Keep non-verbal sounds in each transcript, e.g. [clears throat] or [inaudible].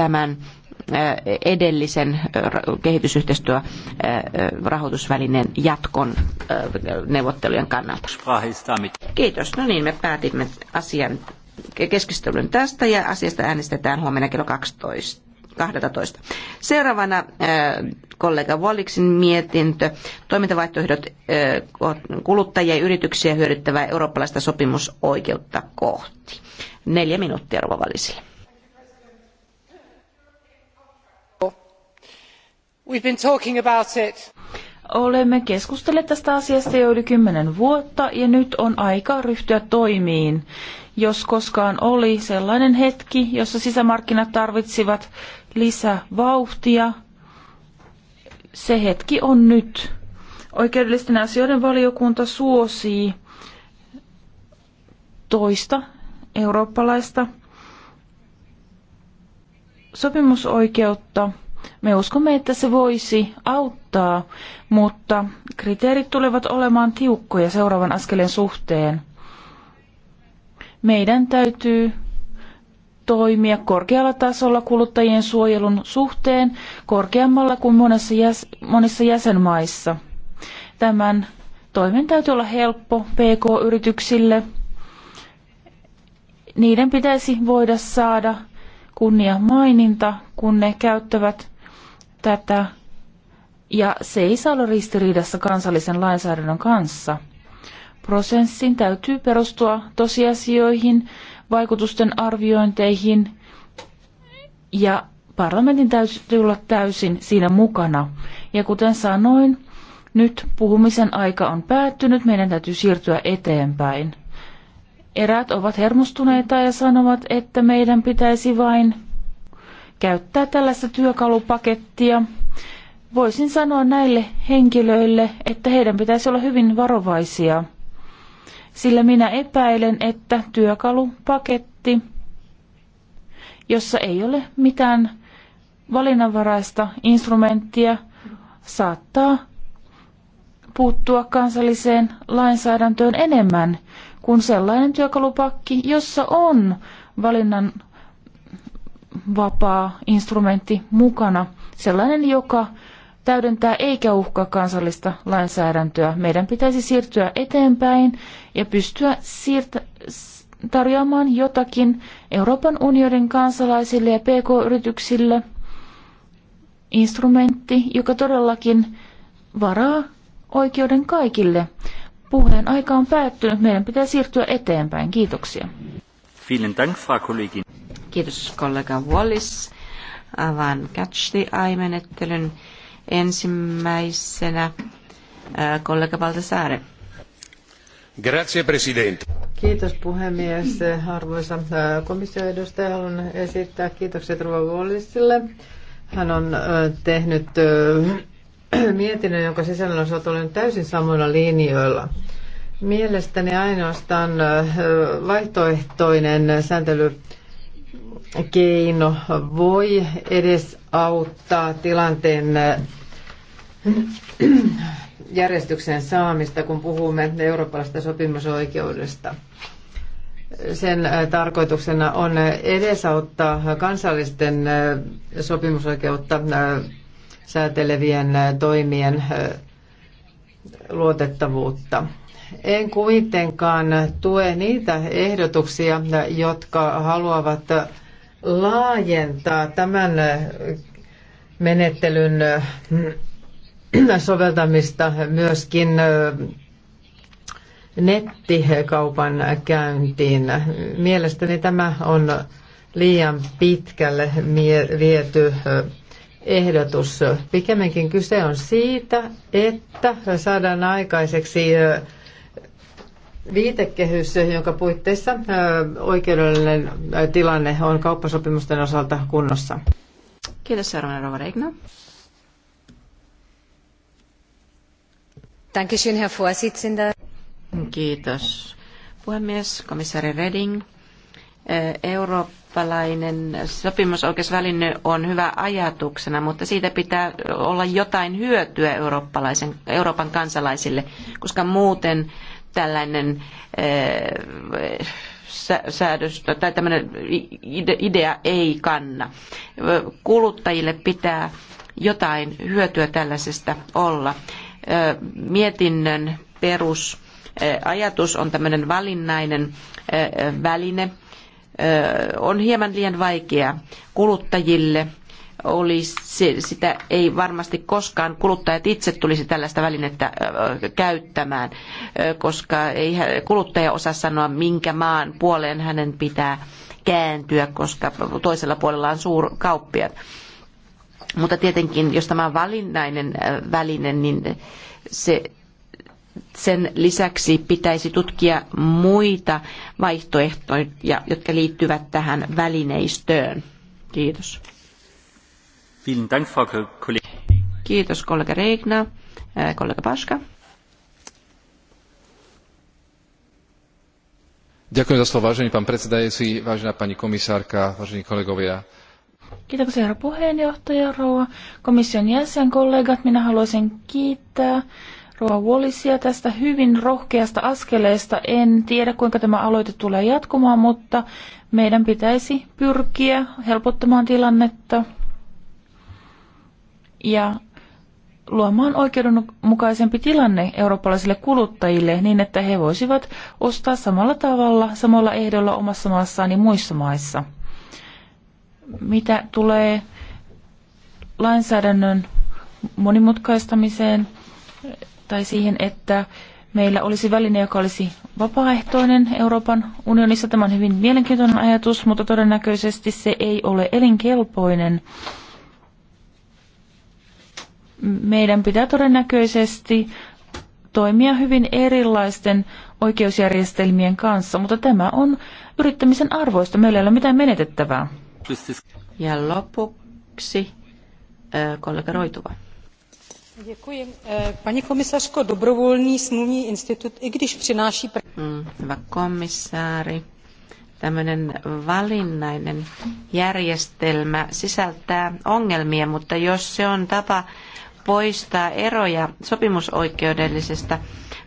tämän edellisen kehitysyhteistyörahoitusvälineen jatkon neuvottelujen kannalta. Kiitos. No niin, me päätimme asian keskustelun tästä ja asiasta äänestetään huomenna kello 12. 12. Seuraavana kollega Walliksin mietintö. Toimintavaihtoehdot kuluttajia ja yrityksiä hyödyttävää eurooppalaista sopimusoikeutta kohti. Neljä minuuttia Rova Valisille. We've been talking about it. Olemme keskustelleet tästä asiasta jo yli kymmenen vuotta ja nyt on aika ryhtyä toimiin. Jos koskaan oli sellainen hetki, jossa sisämarkkinat tarvitsivat lisävauhtia, se hetki on nyt. Oikeudellisten asioiden valiokunta suosii toista eurooppalaista sopimusoikeutta – me uskomme, että se voisi auttaa, mutta kriteerit tulevat olemaan tiukkoja seuraavan askeleen suhteen. Meidän täytyy toimia korkealla tasolla kuluttajien suojelun suhteen korkeammalla kuin monessa jäs- monissa jäsenmaissa. Tämän toimen täytyy olla helppo PK-yrityksille. Niiden pitäisi voida saada kunnia maininta, kun ne käyttävät tätä, ja se ei saa olla ristiriidassa kansallisen lainsäädännön kanssa. Prosessin täytyy perustua tosiasioihin, vaikutusten arviointeihin, ja parlamentin täytyy olla täysin siinä mukana. Ja kuten sanoin, nyt puhumisen aika on päättynyt, meidän täytyy siirtyä eteenpäin. Eräät ovat hermostuneita ja sanovat, että meidän pitäisi vain käyttää tällaista työkalupakettia. Voisin sanoa näille henkilöille, että heidän pitäisi olla hyvin varovaisia, sillä minä epäilen, että työkalupaketti, jossa ei ole mitään valinnanvaraista instrumenttia, saattaa puuttua kansalliseen lainsäädäntöön enemmän kuin sellainen työkalupakki, jossa on valinnan vapaa instrumentti mukana, sellainen, joka täydentää eikä uhkaa kansallista lainsäädäntöä. Meidän pitäisi siirtyä eteenpäin ja pystyä siirtä, tarjoamaan jotakin Euroopan unionin kansalaisille ja pk-yrityksille instrumentti, joka todellakin varaa oikeuden kaikille. Puheen aika on päättynyt. Meidän pitää siirtyä eteenpäin. Kiitoksia. Vielen Dank, Frau Kollegin. Kiitos kollega Wallis. Avaan Catch the Eye-menettelyn ensimmäisenä kollega Valtasaare. Grazie, presidente. Kiitos puhemies. Arvoisa komission edustaja, haluan esittää kiitokset Ruva Wallisille. Hän on tehnyt [clears throat] mietinnön, jonka sisällön osalta olen täysin samoilla linjoilla. Mielestäni ainoastaan vaihtoehtoinen sääntely keino voi edes auttaa tilanteen äh, järjestyksen saamista, kun puhumme eurooppalaisesta sopimusoikeudesta. Sen äh, tarkoituksena on edesauttaa kansallisten äh, sopimusoikeutta säätelevien toimien luotettavuutta. En kuitenkaan tue niitä ehdotuksia, jotka haluavat laajentaa tämän äh, menettelyn äh, [clears throat] soveltamista myöskin äh, nettikaupan käyntiin. Mielestäni tämä on liian pitkälle viety ehdotus. Pikemminkin kyse on siitä, että saadaan aikaiseksi viitekehys, jonka puitteissa oikeudellinen tilanne on kauppasopimusten osalta kunnossa. Kiitos seuraavana Rova Regna. Herr Vorsitzender. Kiitos. Puhemies, komissaari Reding. Eurooppalainen sopimusoikeusväline on hyvä ajatuksena, mutta siitä pitää olla jotain hyötyä eurooppalaisen, Euroopan kansalaisille, koska muuten tällainen eh, säädös tai tämmöinen idea ei kanna. Kuluttajille pitää jotain hyötyä tällaisesta olla. Eh, mietinnön perusajatus eh, on tämmöinen valinnainen väline. On hieman liian vaikea kuluttajille olisi, sitä ei varmasti koskaan kuluttajat itse tulisi tällaista välinettä käyttämään, koska ei kuluttaja osaa sanoa, minkä maan puoleen hänen pitää kääntyä, koska toisella puolella on suurkauppiat. Mutta tietenkin, jos tämä on valinnainen väline, niin se, sen lisäksi pitäisi tutkia muita vaihtoehtoja, jotka liittyvät tähän välineistöön. Kiitos. Kiitos kollega Reigna. Äh, kollega Paška. Ďakujem za slovo, vážený pán predsedajúci, vážená pani komisárka, vážení kollegovia. Kiitoksia herra puheenjohtaja, rouva komission jäsen, kollegat. Minä haluaisin kiittää rouva Wallisia tästä hyvin rohkeasta askeleesta. En tiedä, kuinka tämä aloite tulee jatkumaan, mutta meidän pitäisi pyrkiä helpottamaan tilannetta ja luomaan oikeudenmukaisempi tilanne eurooppalaisille kuluttajille niin, että he voisivat ostaa samalla tavalla, samalla ehdolla omassa maassaan ja muissa maissa. Mitä tulee lainsäädännön monimutkaistamiseen tai siihen, että meillä olisi väline, joka olisi vapaaehtoinen Euroopan unionissa. Tämä on hyvin mielenkiintoinen ajatus, mutta todennäköisesti se ei ole elinkelpoinen meidän pitää todennäköisesti toimia hyvin erilaisten oikeusjärjestelmien kanssa, mutta tämä on yrittämisen arvoista. Meillä ei ole mitään menetettävää. Ja lopuksi kollega Roituva. Děkuji. E, paní komisařko, dobrovolný smluvní institut, i když přináší... Mm, hyvä komissaari, tämmöinen valinnainen järjestelmä sisältää ongelmia, mutta jos se on tapa poistaa eroja sopimusoikeudellisista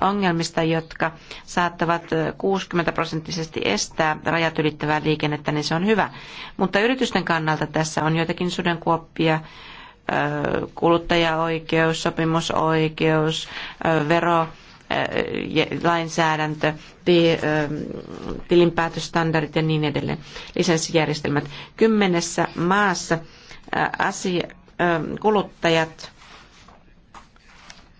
ongelmista, jotka saattavat 60 prosenttisesti estää rajat ylittävää liikennettä, niin se on hyvä. Mutta yritysten kannalta tässä on joitakin sudenkuoppia, kuluttajaoikeus, sopimusoikeus, vero, lainsäädäntö, tilinpäätöstandardit ja niin edelleen, lisenssijärjestelmät. Kymmenessä maassa asia, kuluttajat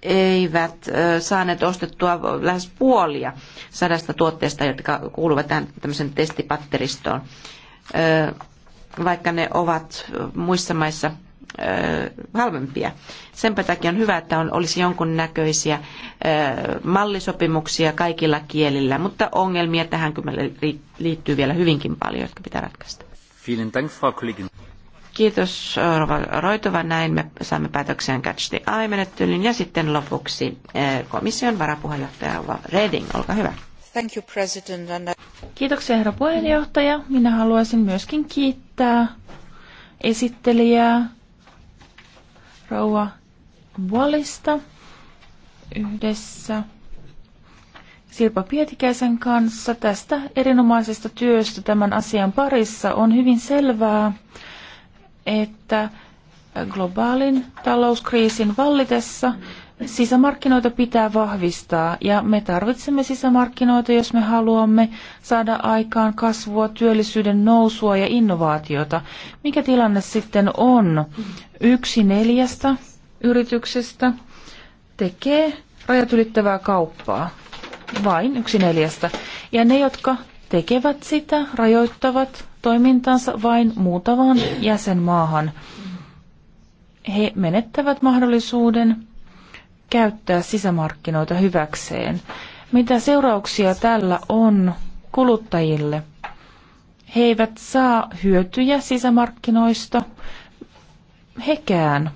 eivät saaneet ostettua lähes puolia sadasta tuotteesta, jotka kuuluvat tähän tämmöisen testipatteristoon, vaikka ne ovat muissa maissa halvempia. Sen takia on hyvä, että on, olisi jonkunnäköisiä mallisopimuksia kaikilla kielillä, mutta ongelmia tähän kyllä liittyy vielä hyvinkin paljon, jotka pitää ratkaista. Vielen Dank, Frau Kollegin. Kiitos Roitova. Näin me saamme päätöksen Catch the Eye-menettelyn. Ja sitten lopuksi eh, komission varapuheenjohtaja Reding. Olkaa hyvä. Thank you, President. Kiitoksia herra puheenjohtaja. Minä haluaisin myöskin kiittää esittelijää rouva Wallista yhdessä Sirpa Pietikäisen kanssa tästä erinomaisesta työstä tämän asian parissa. On hyvin selvää, että globaalin talouskriisin vallitessa sisämarkkinoita pitää vahvistaa ja me tarvitsemme sisämarkkinoita, jos me haluamme saada aikaan kasvua, työllisyyden nousua ja innovaatiota. Mikä tilanne sitten on? Yksi neljästä yrityksestä tekee rajat ylittävää kauppaa. Vain yksi neljästä. Ja ne, jotka tekevät sitä, rajoittavat toimintansa vain muutamaan jäsenmaahan. He menettävät mahdollisuuden käyttää sisämarkkinoita hyväkseen. Mitä seurauksia tällä on kuluttajille? He eivät saa hyötyjä sisämarkkinoista hekään.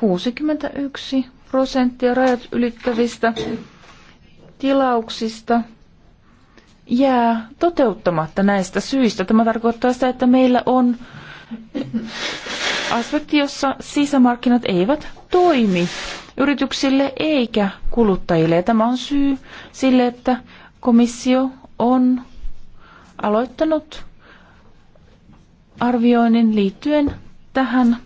61 prosenttia rajat ylittävistä tilauksista jää toteuttamatta näistä syistä. Tämä tarkoittaa sitä, että meillä on aspekti, jossa sisämarkkinat eivät toimi yrityksille eikä kuluttajille. Ja tämä on syy sille, että komissio on aloittanut arvioinnin liittyen tähän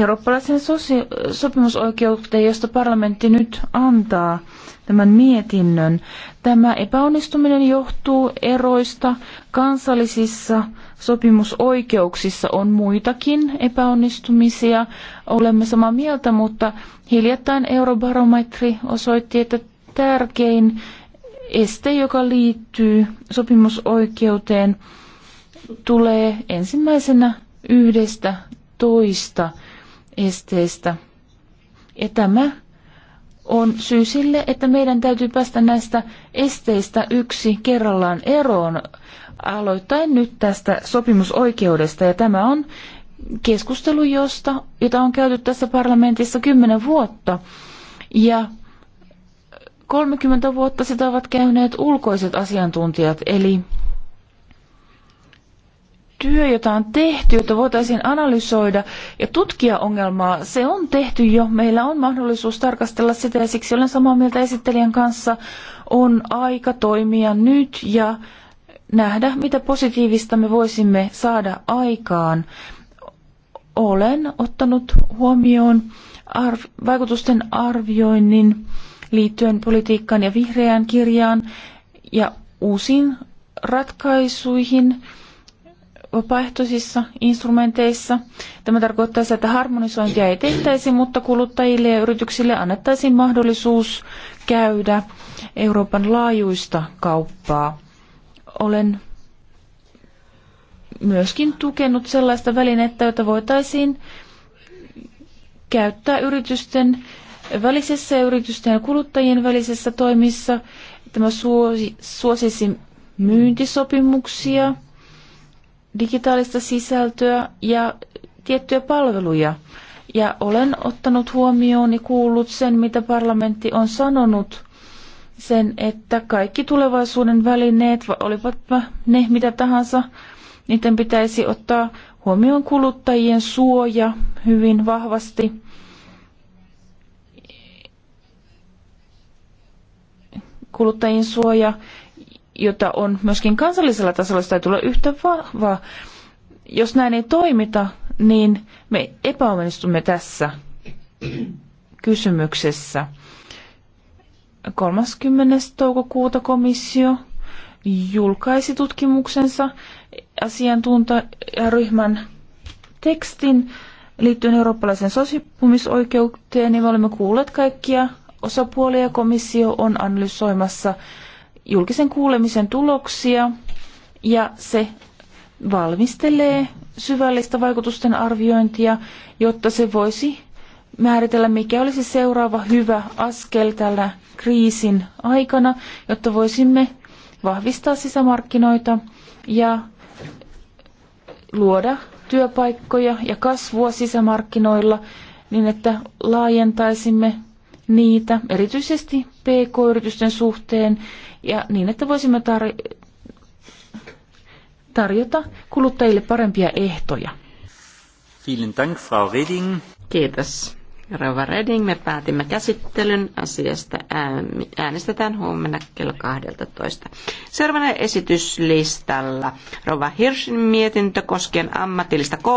eurooppalaisen sosi- sopimusoikeuteen, josta parlamentti nyt antaa tämän mietinnön. Tämä epäonnistuminen johtuu eroista. Kansallisissa sopimusoikeuksissa on muitakin epäonnistumisia. Olemme samaa mieltä, mutta hiljattain eurobarometri osoitti, että tärkein este, joka liittyy sopimusoikeuteen, tulee ensimmäisenä yhdestä toista esteestä. Ja tämä on syy sille, että meidän täytyy päästä näistä esteistä yksi kerrallaan eroon, aloittain nyt tästä sopimusoikeudesta. Ja tämä on keskustelu, josta, jota on käyty tässä parlamentissa kymmenen vuotta. Ja 30 vuotta sitä ovat käyneet ulkoiset asiantuntijat, eli työ, jota on tehty, jota voitaisiin analysoida ja tutkia ongelmaa, se on tehty jo. Meillä on mahdollisuus tarkastella sitä ja siksi olen samaa mieltä esittelijän kanssa. On aika toimia nyt ja nähdä, mitä positiivista me voisimme saada aikaan. Olen ottanut huomioon arv vaikutusten arvioinnin liittyen politiikkaan ja vihreään kirjaan ja uusiin ratkaisuihin – vapaaehtoisissa instrumenteissa. Tämä tarkoittaa sitä, että harmonisointia ei tehtäisi, mutta kuluttajille ja yrityksille annettaisiin mahdollisuus käydä Euroopan laajuista kauppaa. Olen myöskin tukenut sellaista välinettä, jota voitaisiin käyttää yritysten välisessä ja yritysten ja kuluttajien välisessä toimissa. Tämä suosisi myyntisopimuksia digitaalista sisältöä ja tiettyjä palveluja. Ja olen ottanut huomioon ja kuullut sen, mitä parlamentti on sanonut, sen, että kaikki tulevaisuuden välineet, olivat ne mitä tahansa, niiden pitäisi ottaa huomioon kuluttajien suoja hyvin vahvasti. Kuluttajien suoja jota on myöskin kansallisella tasolla, sitä tule yhtä vahva. Jos näin ei toimita, niin me epäonnistumme tässä kysymyksessä. 30. toukokuuta komissio julkaisi tutkimuksensa asiantuntijaryhmän tekstin liittyen eurooppalaiseen sosipumisoikeuteen, niin me olemme kuulleet kaikkia osapuolia. Komissio on analysoimassa julkisen kuulemisen tuloksia ja se valmistelee syvällistä vaikutusten arviointia, jotta se voisi määritellä, mikä olisi seuraava hyvä askel tällä kriisin aikana, jotta voisimme vahvistaa sisämarkkinoita ja luoda työpaikkoja ja kasvua sisämarkkinoilla niin, että laajentaisimme niitä, erityisesti PK-yritysten suhteen, ja niin, että voisimme tar- tarjota kuluttajille parempia ehtoja. Vielen Dank, Frau Reding. Kiitos. Rova Reding, me päätimme käsittelyn asiasta. Äänestetään huomenna kello 12. Seuraavana esityslistalla Rova Hirschin mietintö koskien ammatillista koulutusta.